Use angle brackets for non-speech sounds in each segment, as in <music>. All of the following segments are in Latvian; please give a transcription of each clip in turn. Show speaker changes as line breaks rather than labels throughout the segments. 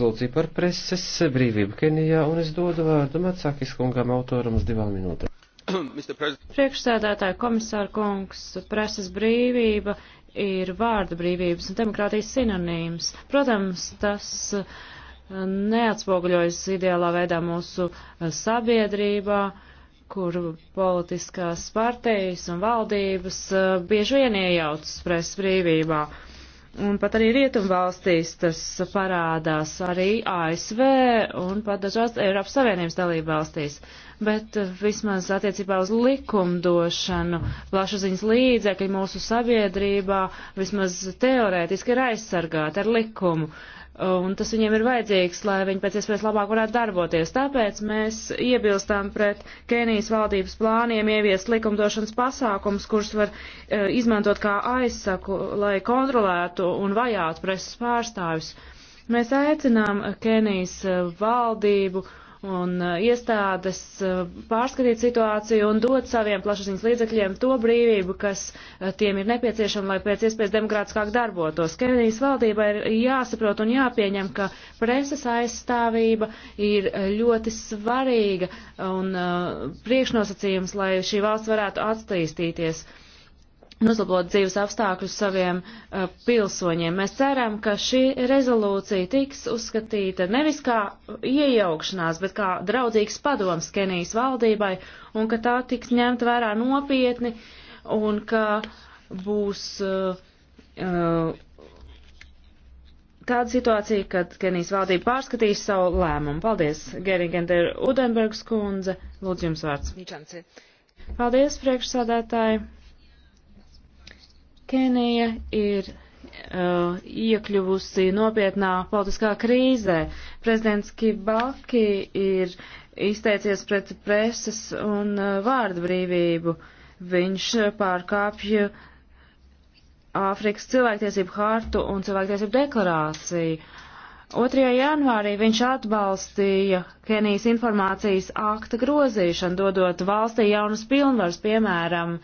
Lūdzu par preses brīvību Kenijā un es dodu vārdu Macakis kungam autoram uz divām minūtēm. <coughs>
Priekšsēdētāja komisāra kungs, preses brīvība ir vārda brīvības un demokrātijas sinonīms. Protams, tas uh, neatspoguļojas ideālā veidā mūsu uh, sabiedrībā, kur politiskās partijas un valdības uh, bieži vien iejaucas preses brīvībā. Un pat arī rietumvalstīs tas parādās arī ASV un pat dažās Eiropas Savienības dalībvalstīs. valstīs bet eh, vismaz attiecībā uz likumdošanu plašsaziņas līdzekļi mūsu sabiedrībā vismaz teorētiski ir aizsargāti ar likumu. Un tas viņiem ir vajadzīgs, lai viņi pēc iespējas labāk varētu darboties. Tāpēc mēs iebilstām pret Kenijas valdības plāniem ieviest likumdošanas pasākums, kurus var uh, izmantot kā aizsaku, lai kontrolētu un vajātu preses pārstāvis. Mēs aicinām Kenijas eh, valdību uh, un uh, iestādes uh, pārskatīt situāciju un dot saviem plašsaziņas līdzekļiem to brīvību, kas uh, tiem ir nepieciešama, lai pēc iespējas demokrātiskāk darbotos. Kenedijas valdība ir jāsaprot un jāpieņem, ka preses aizstāvība ir ļoti svarīga un priekšnosacījums, lai šī valsts varētu attīstīties. Uh, un uzlabot dzīves apstākļus saviem uh, pilsoņiem. Mēs ceram, ka šī rezolūcija tiks uzskatīta nevis kā iejaukšanās, bet kā draudzīgs padoms Kenijas valdībai un ka tā tiks ņemta vērā nopietni un ka būs uh, uh, tāda situācija, kad Kenijas valdība pārskatīs savu lēmumu. Paldies, Geringender Udenbergs kundze. Lūdzu jums vārds. Paldies, priekšsādātāji. Kenija ir uh, iekļuvusi nopietnā politiskā krīzē. Prezidents Kibaki ir izteicies pret preses un uh, vārdu brīvību. Viņš pārkāpja Āfrikas cilvēktiesību hartu un cilvēktiesību deklarāciju. 2. janvārī viņš atbalstīja Kenijas informācijas akta grozīšanu, dodot valstī jaunas pilnvaras, piemēram,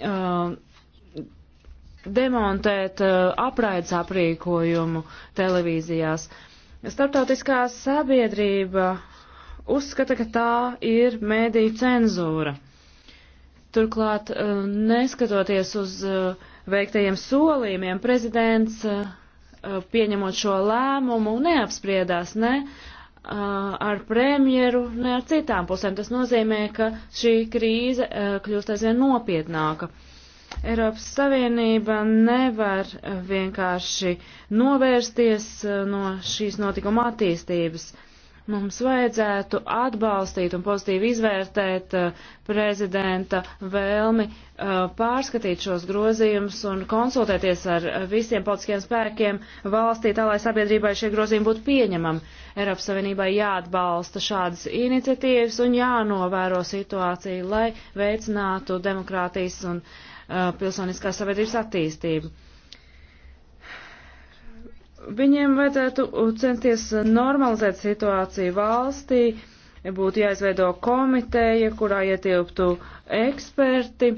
uh, demontēt eh, apraides aprīkojumu televīzijās. Startautiskā sabiedrība uzskata, ka tā ir mēdīju cenzūra. Turklāt, eh, neskatoties uz eh, veiktajiem solījumiem, prezidents pieņemot šo lēmumu neapspriedās ne ar premjeru, ne ar citām pusēm. Tas nozīmē, ka šī krīze kļūst aizvien nopietnāka. Eiropas Savienība nevar vienkārši novērsties eh, no šīs notikuma attīstības. Mums vajadzētu atbalstīt un pozitīvi izvērtēt eh, prezidenta vēlmi eh, pārskatīt šos grozījumus un konsultēties ar visiem politiskiem spēkiem valstī, tā lai sabiedrībai šie grozījumi būtu pieņemami. Eiropas Savienībai jāatbalsta šādas iniciatīvas un jānovēro situāciju, lai veicinātu demokrātijas un uh, Uh, pilsoniskās sabiedrības attīstību. Viņiem vajadzētu centies normalizēt situāciju valstī, būtu jāizveido komiteja, kurā ietilptu eksperti,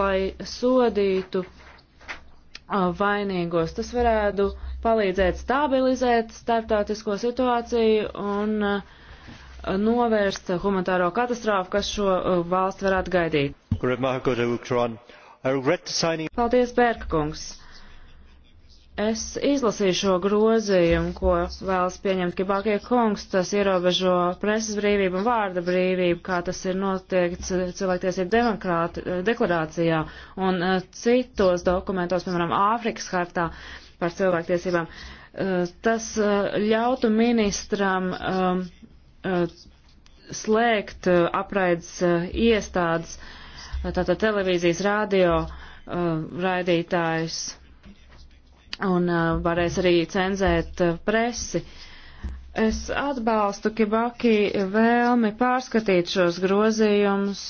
lai sodītu uh, vainīgos. Tas varētu palīdzēt stabilizēt starptautisko situāciju un uh, novērst humanitāro katastrofu, kas šo valstu varētu gaidīt. Paldies, Bērkungs! Es izlasīju šo grozījumu, ko vēlas pieņemt Kibākie kungs. Tas ierobežo preses brīvību un vārda brīvību, kā tas ir noteikts eh, cilvēktiesību eh, deklarācijā un eh, citos dokumentos, piemēram, Āfrikas hartā par cilvēktiesībām. Tas ļautu ministram slēgt apraides iestādes tātad televīzijas, radio uh, raidītājus un uh, varēs arī cenzēt uh, presi. Es atbalstu Kibaki vēlmi pārskatīt šos grozījumus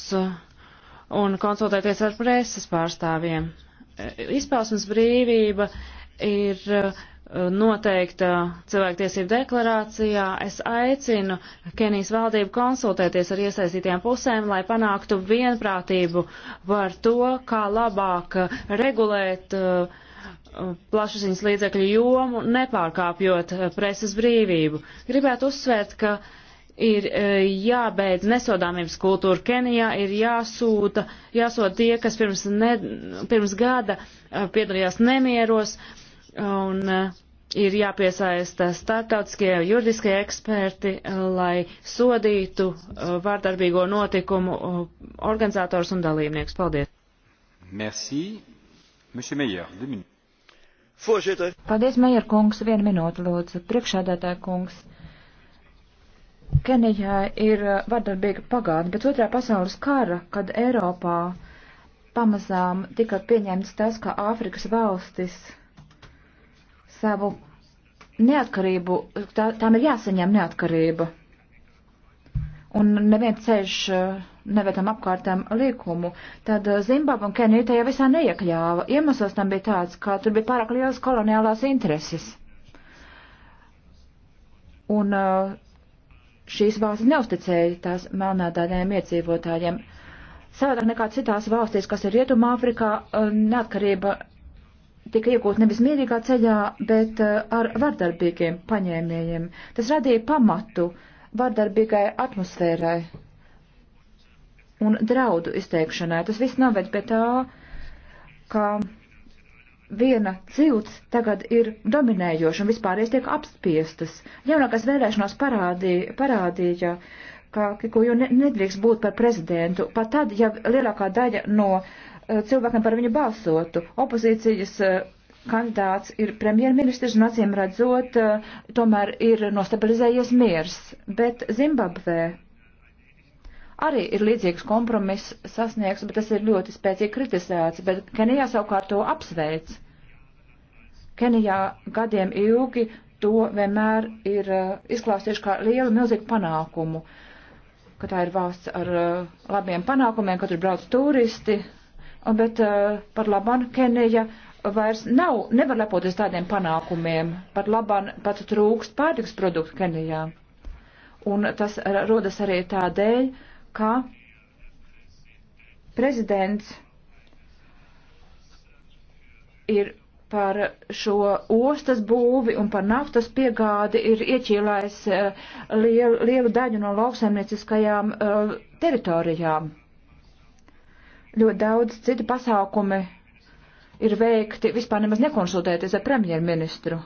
un konsultēties ar preses pārstāvjiem. E, izpausmes brīvība ir uh, noteikta cilvēktiesību deklarācijā, es aicinu Kenijas valdību konsultēties ar iesaistītiem pusēm, lai panāktu vienprātību par to, kā labāk regulēt uh, plašsaziņas līdzekļu jomu, nepārkāpjot uh, preses brīvību. Gribētu uzsvērt, ka ir uh, jābeidz nesodāmības kultūra Kenijā, ir jāsūta, jāsot tie, kas pirms, ne, pirms gada piedalījās nemieros, un uh, ir jāpiesaista startautiskie juridiskie eksperti, lai sodītu uh, vārdarbīgo notikumu uh, organizators un dalībnieks. Paldies!
Merci. Monsieur Meyer, deux minutes. Voorzitter.
Paldies, Mejer kungs. Vienu minūti, lūdzu. Priekšādātāja kungs. Kenijā ir uh, vardarbīga pagātne, bet otrā pasaules kara, kad Eiropā pamazām tika pieņemts tas, ka Āfrikas valstis savu neatkarību, tā, tām ir jāsaņem neatkarība. Un neviens ceļš eh, nevedam apkārtam likumu. Tad eh, Zimbabve un Kenija tajā visā neiekļāva. Iemesls tam bija tāds, ka tur bija pārāk lielas koloniālās intereses. Un eh, šīs valstis neusticēja tās melnādādējiem iedzīvotājiem. Savādāk nekā citās valstīs, kas ir Rietumāfrikā, neatkarība tika iegūt nevis mierīgā ceļā, bet eh, ar vardarbīgiem paņēmējiem. Tas radīja pamatu vardarbīgai atmosfērai un draudu izteikšanai. Tas viss noved pie tā, ka viena cilts tagad ir dominējoša un vispārējais tiek apspiestas. Jaunākās vēlēšanās parādīja, parādīja uh, ka Kikuju ne, nedrīkst būt par prezidentu, pat tad, ja lielākā daļa no uh, cilvēkiem par viņu balsotu. Opozīcijas uh, kandidāts ir premjerministrs un acīm redzot, uh, tomēr ir nostabilizējies miers, bet Zimbabvē arī ir līdzīgs kompromiss sasniegts, bet tas ir ļoti spēcīgi kritizēts, bet Kenijā savukārt to apsveic. Kenijā gadiem ilgi to vienmēr ir uh, izklāstījuši kā lielu milzīgu panākumu. Uh, ka tā ir valsts ar uh, labiem panākumiem, ka tur brauc turisti, un, bet uh, par labanu Kenija vairs nav, nevar lepoties tādiem panākumiem, pat laban pat trūkst pārtiks produktu Kenijā. Un tas rodas arī tādēļ, ka prezidents ir par šo ostas būvi un par naftas piegādi ir ieķīlājis eh, lielu, lielu daļu no lauksaimnieciskajām eh, teritorijām. Ļoti daudz citu pasākumi ir veikti vispār nemaz nekonsultēties ar premjerministru.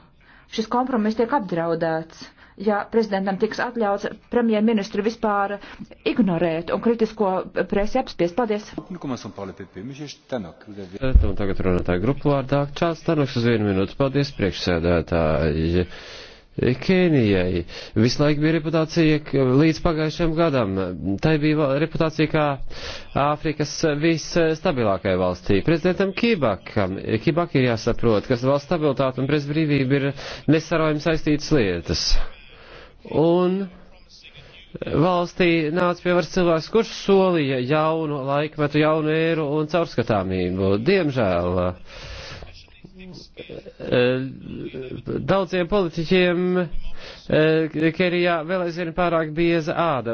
Šis kompromiss tiek apdraudēts ja prezidentam tiks atļauts premjerministru vispār ignorēt un kritisko presi apspiest. Paldies!
Un tagad runātāja grupu vārdā Čāls Tanoks uz vienu minūtu. Paldies, priekšsēdētāji! Kenijai vislaik bija reputācija līdz pagājušajam gadam. Tā bija reputācija kā Āfrikas visstabilākai valstī. Prezidentam Kībakam, Kībak ir jāsaprot, ka valsts stabilitāte un presbrīvība ir nesarojami saistītas lietas un valstī nāca pie varas cilvēks, kurš solīja jaunu laikmetu, jaunu ēru un caurskatāmību. Diemžēl eh, daudziem politiķiem eh, Kerijā vēl aizvien pārāk bieza āda.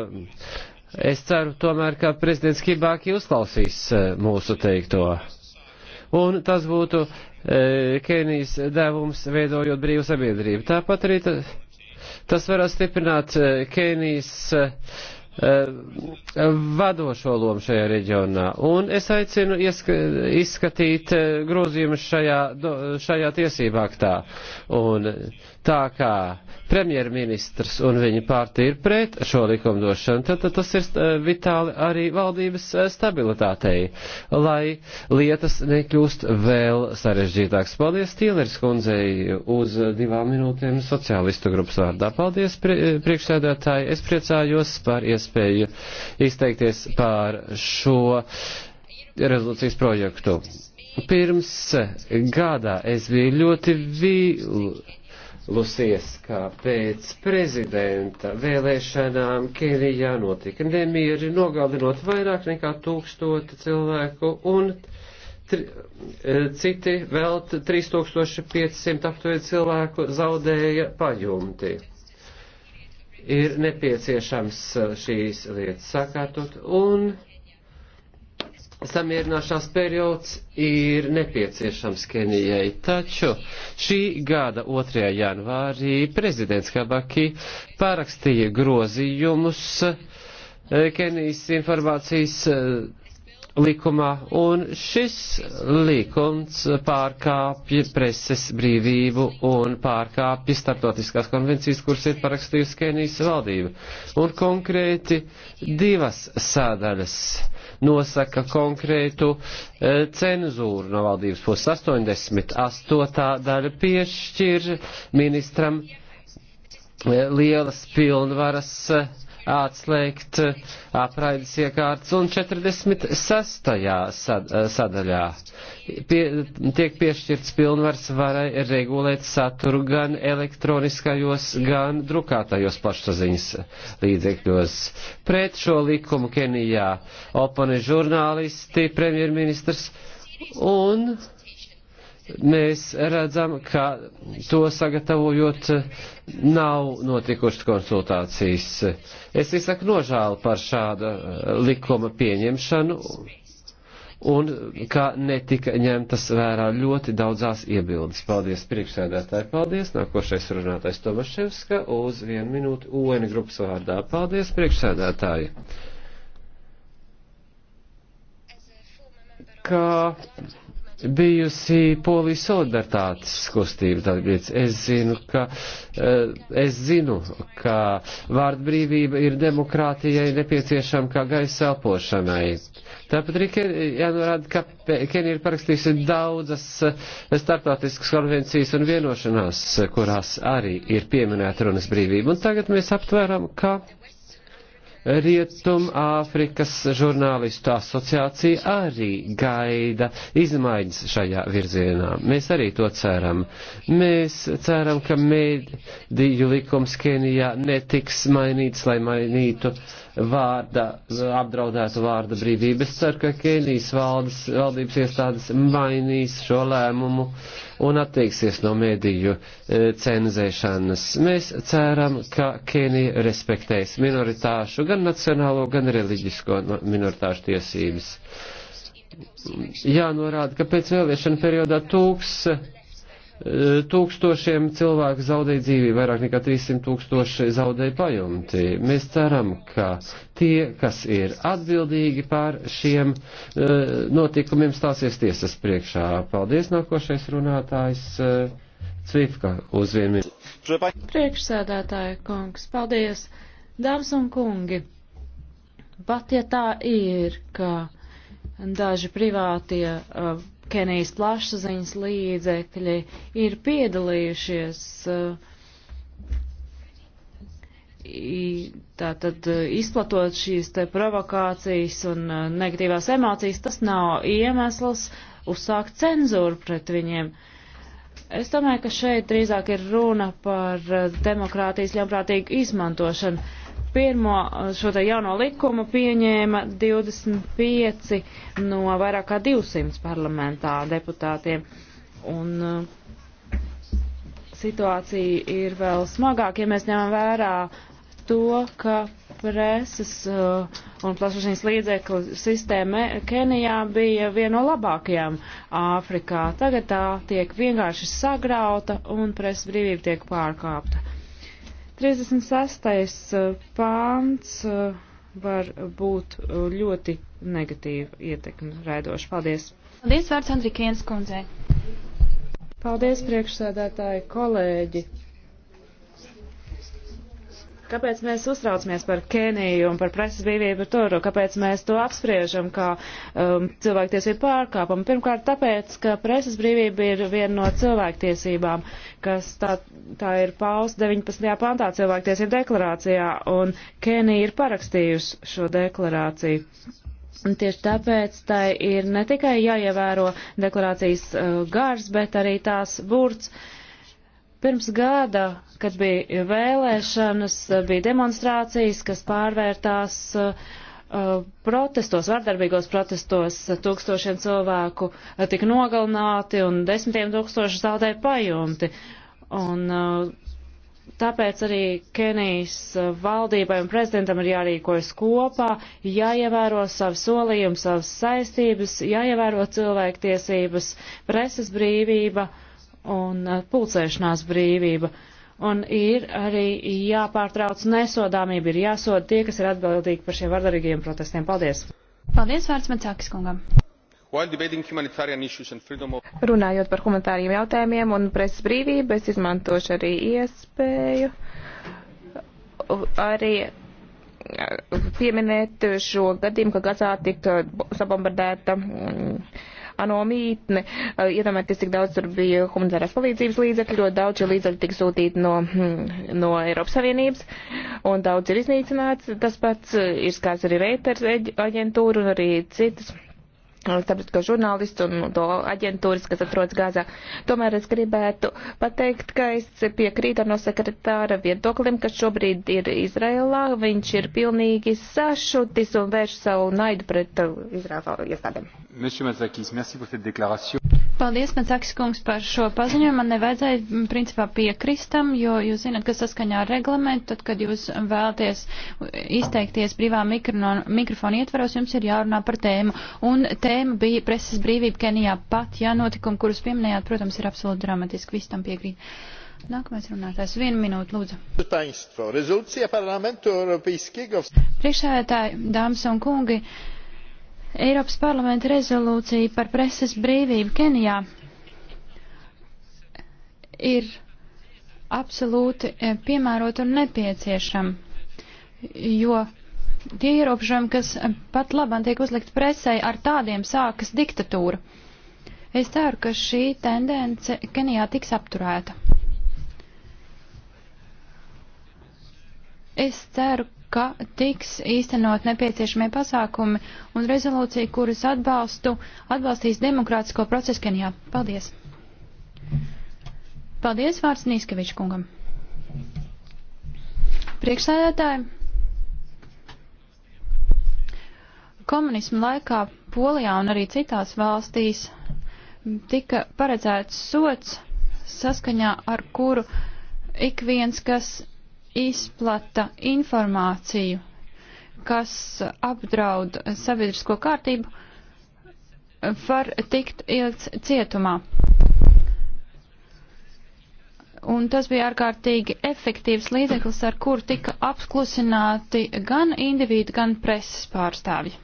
Es ceru tomēr, ka prezidents Kibāki uzklausīs eh, mūsu teikto. Un tas būtu Kenijas devums veidojot brīvu sabiedrību. Tāpat arī. Ta, Tas var stiprināt eh, Kenijas eh, vadošo lomu šajā reģionā. Un es aicinu ieska, izskatīt eh, grozījumus šajā, šajā tiesībā aktā. Un Tā kā premjerministrs un viņa pārtīja ir pret šo likumdošanu, tad, tad tas ir eh, vitāli arī valdības eh, stabilitātei, lai lietas nekļūst vēl sarežģītākas. Paldies Tīlers kundzei uz divām minūtēm sociālistu grupas vārdā. Paldies eh, priekšsēdētāji, es priecājos par iespēju izteikties par šo rezolūcijas projektu. Pirms gada es biju ļoti vīlu Lusies, kā pēc prezidenta vēlēšanām Kenijā notika nemieri, nogalinot vairāk nekā tūkstoti cilvēku un tri, e, citi vēl 3500 aptuveni cilvēku zaudēja pajumti. Ir nepieciešams e, šīs lietas sakārtot un samierināšanās periods ir nepieciešams Kenijai. Taču šī gada 2. janvārī prezidents Habaki pārakstīja grozījumus e, Kenijas informācijas e, likumā, un šis likums pārkāpja preses brīvību un pārkāpja startotiskās konvencijas, kuras ir parakstījusi Kenijas valdība. Un konkrēti divas sādaļas nosaka konkrētu e, cenzūru no valdības puses. 88. daļa piešķir ministram e, lielas pilnvaras e, atslēgt eh, apraides iekārtas un 46. Sad, eh, sadaļā pie, tiek piešķirts pilnvars varai regulēt saturu gan elektroniskajos, gan drukātajos plašsaziņas līdzekļos. Pret šo likumu Kenijā opone žurnālisti, premjerministrs un mēs redzam, ka to sagatavojot nav notikušas konsultācijas. Es izsaku nožēlu par šāda eh, likuma pieņemšanu un ka netika ņemtas vērā ļoti daudzās iebildes. Paldies, priekšsēdētāji, paldies. Nākošais runātais Tomaševska uz vienu minūti UN grupas vārdā. Paldies, priekšsēdētāji. Kā bijusi Polijas solidaritātes kustība. Tāpēc es zinu, ka, eh, es zinu, ka vārdbrīvība ir demokrātijai nepieciešama kā gaisa elpošanai. Tāpat arī jānorāda, ka Kenija ir parakstījusi daudzas eh, starptautiskas konvencijas un vienošanās, kurās arī ir pieminēta runas brīvība. Un tagad mēs aptveram, ka. Kā Rietum Āfrikas žurnālistu asociācija arī gaida izmaiņas šajā virzienā. Mēs arī to ceram. Mēs ceram, ka mēdīju likums Kenijā netiks mainīts, lai mainītu uh, vārda, apdraudēs vārda brīvība. Es ceru, ka Kenijas valdes, valdības iestādes mainīs šo lēmumu un atteiksies no mēdīju e, cenzēšanas. Mēs ceram, ka Kenija respektēs minoritāšu, gan nacionālo, gan reliģisko minoritāšu tiesības. Jānorāda, ka pēc vēlēšana periodā tūks Tūkstošiem cilvēku zaudēja dzīvību, vairāk nekā 300 tūkstoši zaudēja pajumti. Mēs ceram, ka tie, kas ir atbildīgi pār šiem eh, notikumiem, stāsies tiesas priekšā. Paldies, nākošais runātājs eh, Cvifka uz vienu minūti.
Priekšsēdētāja kungs, paldies. Dāmas un kungi, pat ja tā ir, ka daži privātie uh, Kenijas plašsaziņas līdzekļi ir piedalījušies uh, tātad uh, izplatot šīs te provokācijas un uh, negatīvās emocijas, tas nav iemesls uzsākt cenzūru pret viņiem. Es domāju, ka šeit drīzāk ir runa par demokrātijas ļaunprātīgu izmantošanu pirmo eh, šo te jauno likumu pieņēma 25 no vairāk kā 200 parlamentā deputātiem. Un eh, situācija ir vēl smagāk, ja mēs ņemam vērā to, ka preses eh, un plašsaziņas līdzekļu sistēma Kenijā bija viena no labākajām Āfrikā. Tagad tā tiek vienkārši sagrauta un presas brīvība tiek pārkāpta. 36. Eh, pāns eh, var būt eh, ļoti negatīva ietekme raidoši. Paldies!
Paldies, vārds Andrikienas kundzei!
Paldies, priekšsēdētāji, kolēģi! Kāpēc mēs uztraucamies par Keniju un par preses brīvību tur? Kāpēc mēs to apspriežam kā um, cilvēktiesību pārkāpumu? Pirmkārt, tāpēc, ka preses brīvība ir viena no cilvēktiesībām, kas tā, tā ir paust 19. pantā cilvēktiesību deklarācijā, un Kenija ir parakstījusi šo deklarāciju. Un tieši tāpēc tai ir ne tikai jāievēro deklarācijas uh, gars, bet arī tās burts. Uh, Pirms gada, kad bija vēlēšanas, bija demonstrācijas, kas pārvērtās uh, protestos, vardarbīgos protestos, tūkstošiem cilvēku uh, tika nogalināti un desmitiem tūkstoši zaudēja pajumti. Un uh, Tāpēc arī Kenijas valdībai un prezidentam ir jārīkojas kopā, jāievēro savu solījumu, savas saistības, jāievēro cilvēktiesības, preses brīvība un uh, pulcēšanās brīvība. Un ir arī jāpārtrauc nesodāmība, ir jāsod tie, kas ir atbildīgi par šiem vardarīgiem protestiem. Paldies! Paldies,
vārds Macākis kungam! Runājot par humanitāriem jautājumiem un presas brīvību, es izmantošu arī iespēju uh, arī uh, pieminēt šo gadījumu, ka Gazā tika sabombardēta mm, ANO mītni. Eh, iedomājieties, cik daudz tur bija humanitārās palīdzības līdzekļu, ļoti daudz šie līdzekļi tika sūtīti no, hm, no Eiropas Savienības, un daudz ir iznīcināts. Tas pats eh, ir skārs arī Reiters aģentūra un arī citas eh, starptautisko žurnālistu un to aģentūras, kas atrodas Gāzā. Tomēr es gribētu pateikt, ka es piekrītu no sekretāra viedoklim, kas šobrīd ir Izrēlā. Viņš ir pilnīgi sašutis un vērš savu naidu pret Izrēlas
iestādēm. Paldies,
Matsakis kungs, par šo
paziņojumu. Man nevajadzēja mm, principā piekristam, jo jūs zinat, ka saskaņā ar reglamentu, tad, kad jūs vēlaties izteikties brīvā mikrofona ietvaros, jums ir jārunā par tēmu. Un tēma bija preses brīvība Kenijā pat, ja notikumi, kurus pieminējāt, protams, ir absolūti dramatiski. Viss tam piekrīt. Nākamais runātājs, vienu minūtu, lūdzu. Priekšsēdētāji, dāmas un kungi. Eiropas parlamenta rezolūcija par preses brīvību Kenijā ir absolūti e, piemērota un nepieciešama, jo tie ierobežojumi, kas e, pat labam tiek uzlikt presē, ar tādiem sākas diktatūra. Es ceru, ka šī tendence Kenijā tiks apturēta. Es ceru, ka tiks īstenot nepieciešamie pasākumi un rezolūcija, kuras atbalstu, atbalstīs demokrātisko procesu Kenijā. Paldies! Paldies vārds Nīskeviča kungam. Priekšsēdētāji, komunismu laikā Polijā un arī citās valstīs tika paredzēts sots, saskaņā ar kuru ik viens, kas izplata informāciju, kas apdraud sabiedrisko kārtību, var tikt ielikts cietumā. Un tas bija ārkārtīgi efektīvs līdzeklis, ar kuru tika apsklusināti gan individu, gan preses pārstāvji.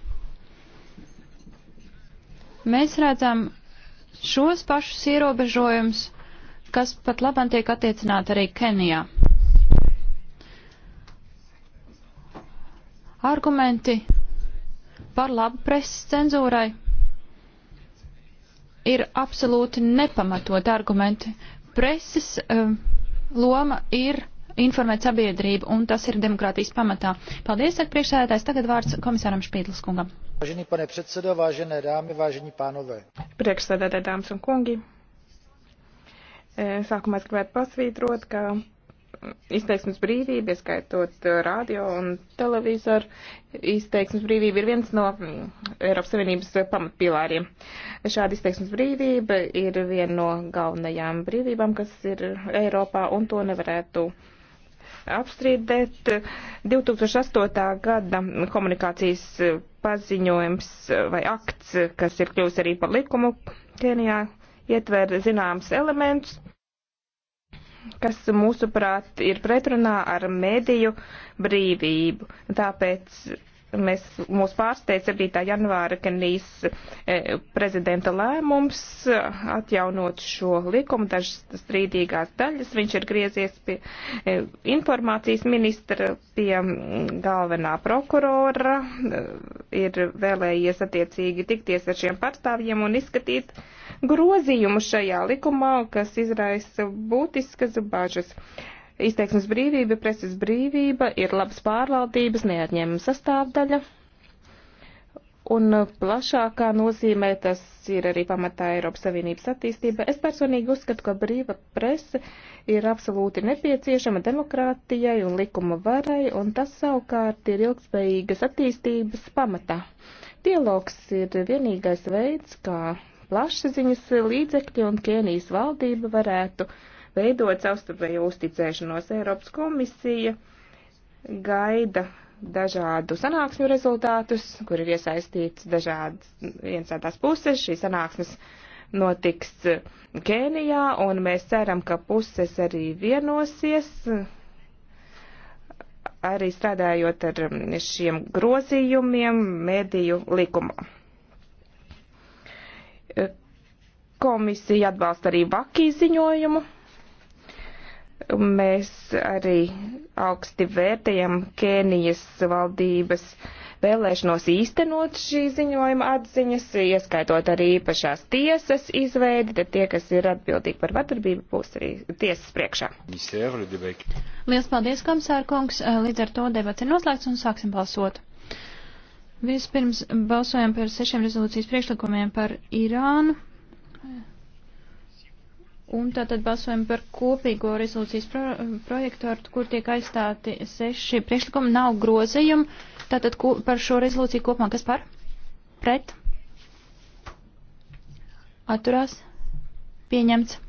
Mēs redzam šos pašus ierobežojumus, kas pat labam tiek attiecināti arī Kenijā. argumenti par labu preses cenzūrai ir absolūti nepamatot argumenti. Preses um, loma ir informēt sabiedrību, un tas ir demokrātijas pamatā. Paldies, saka priekšsēdētājs. Tagad vārds komisāram Špīdlis kungam.
Vážený pane předsedo, vážené dámy, vážení pánové.
Priekšsēdētāji,
dāmas un kungi.
Eh, sākumā es gribētu pasvītrot, ka izteiksmes brīvība, ieskaitot uh, radio un televizoru, izteiksmes brīvība ir viens no mm, Eiropas Savienības uh, pamatpilāriem. Šāda izteiksmes brīvība ir viena no galvenajām brīvībām, kas ir Eiropā, un to nevarētu apstrīdēt. 2008. gada komunikācijas uh, paziņojums vai akts, kas ir kļuvis arī par likumu Kenijā, ietver zināms elements kas mūsuprāt ir pretrunā ar mediju brīvību. Tāpēc mēs, mūs pārsteidz 7. janvāra Kenijas e, prezidenta lēmums atjaunot šo likumu, dažas strīdīgās daļas. Viņš ir griezies pie e, informācijas ministra, pie galvenā prokurora, e, ir vēlējies attiecīgi tikties ar šiem pārstāvjiem un izskatīt grozījumu šajā likumā, kas izraisa būtiskas bāžas. Izteiksmes brīvība, preses brīvība ir labas pārvaldības neatņēmuma sastāvdaļa un plašākā nozīmē tas ir arī pamatā Eiropas Savienības attīstība. Es personīgi uzskatu, ka brīva prese ir absolūti nepieciešama demokrātijai un likuma varai, un tas savukārt ir ilgspējīgas attīstības pamatā. Dialogs ir vienīgais veids, kā plašsaziņas līdzekļi un Kenijas valdība varētu veidot savstarpēju uzticēšanos. Eiropas komisija gaida dažādu sanāksmju rezultātus, kur ir iesaistīts dažādas iensētās puses. Šī sanāksmes notiks Kēnijā, un mēs ceram, ka puses arī vienosies, arī strādājot ar šiem grozījumiem mediju likumā. Komisija atbalsta arī Vakī ziņojumu. Mēs arī augsti vērtējam Kēnijas valdības vēlēšanos īstenot šī ziņojuma atziņas, ieskaitot arī īpašās tiesas izveidi, tad tie, kas ir atbildīgi par vardarbību, būs arī tiesas priekšā. Lielas
paldies, komisāra kungs. Līdz ar to debats ir noslēgts un sāksim balsot. Vispirms balsojam par sešiem rezolūcijas priekšlikumiem par Irānu. Un tātad balsojam par kopīgo rezolūcijas pro projektu, ar kur tiek aizstāti seši priekšlikumi. Nav grozījumu. Tātad ko, par šo rezolūciju kopumā kas par? Pret? Atturās? Pieņemts.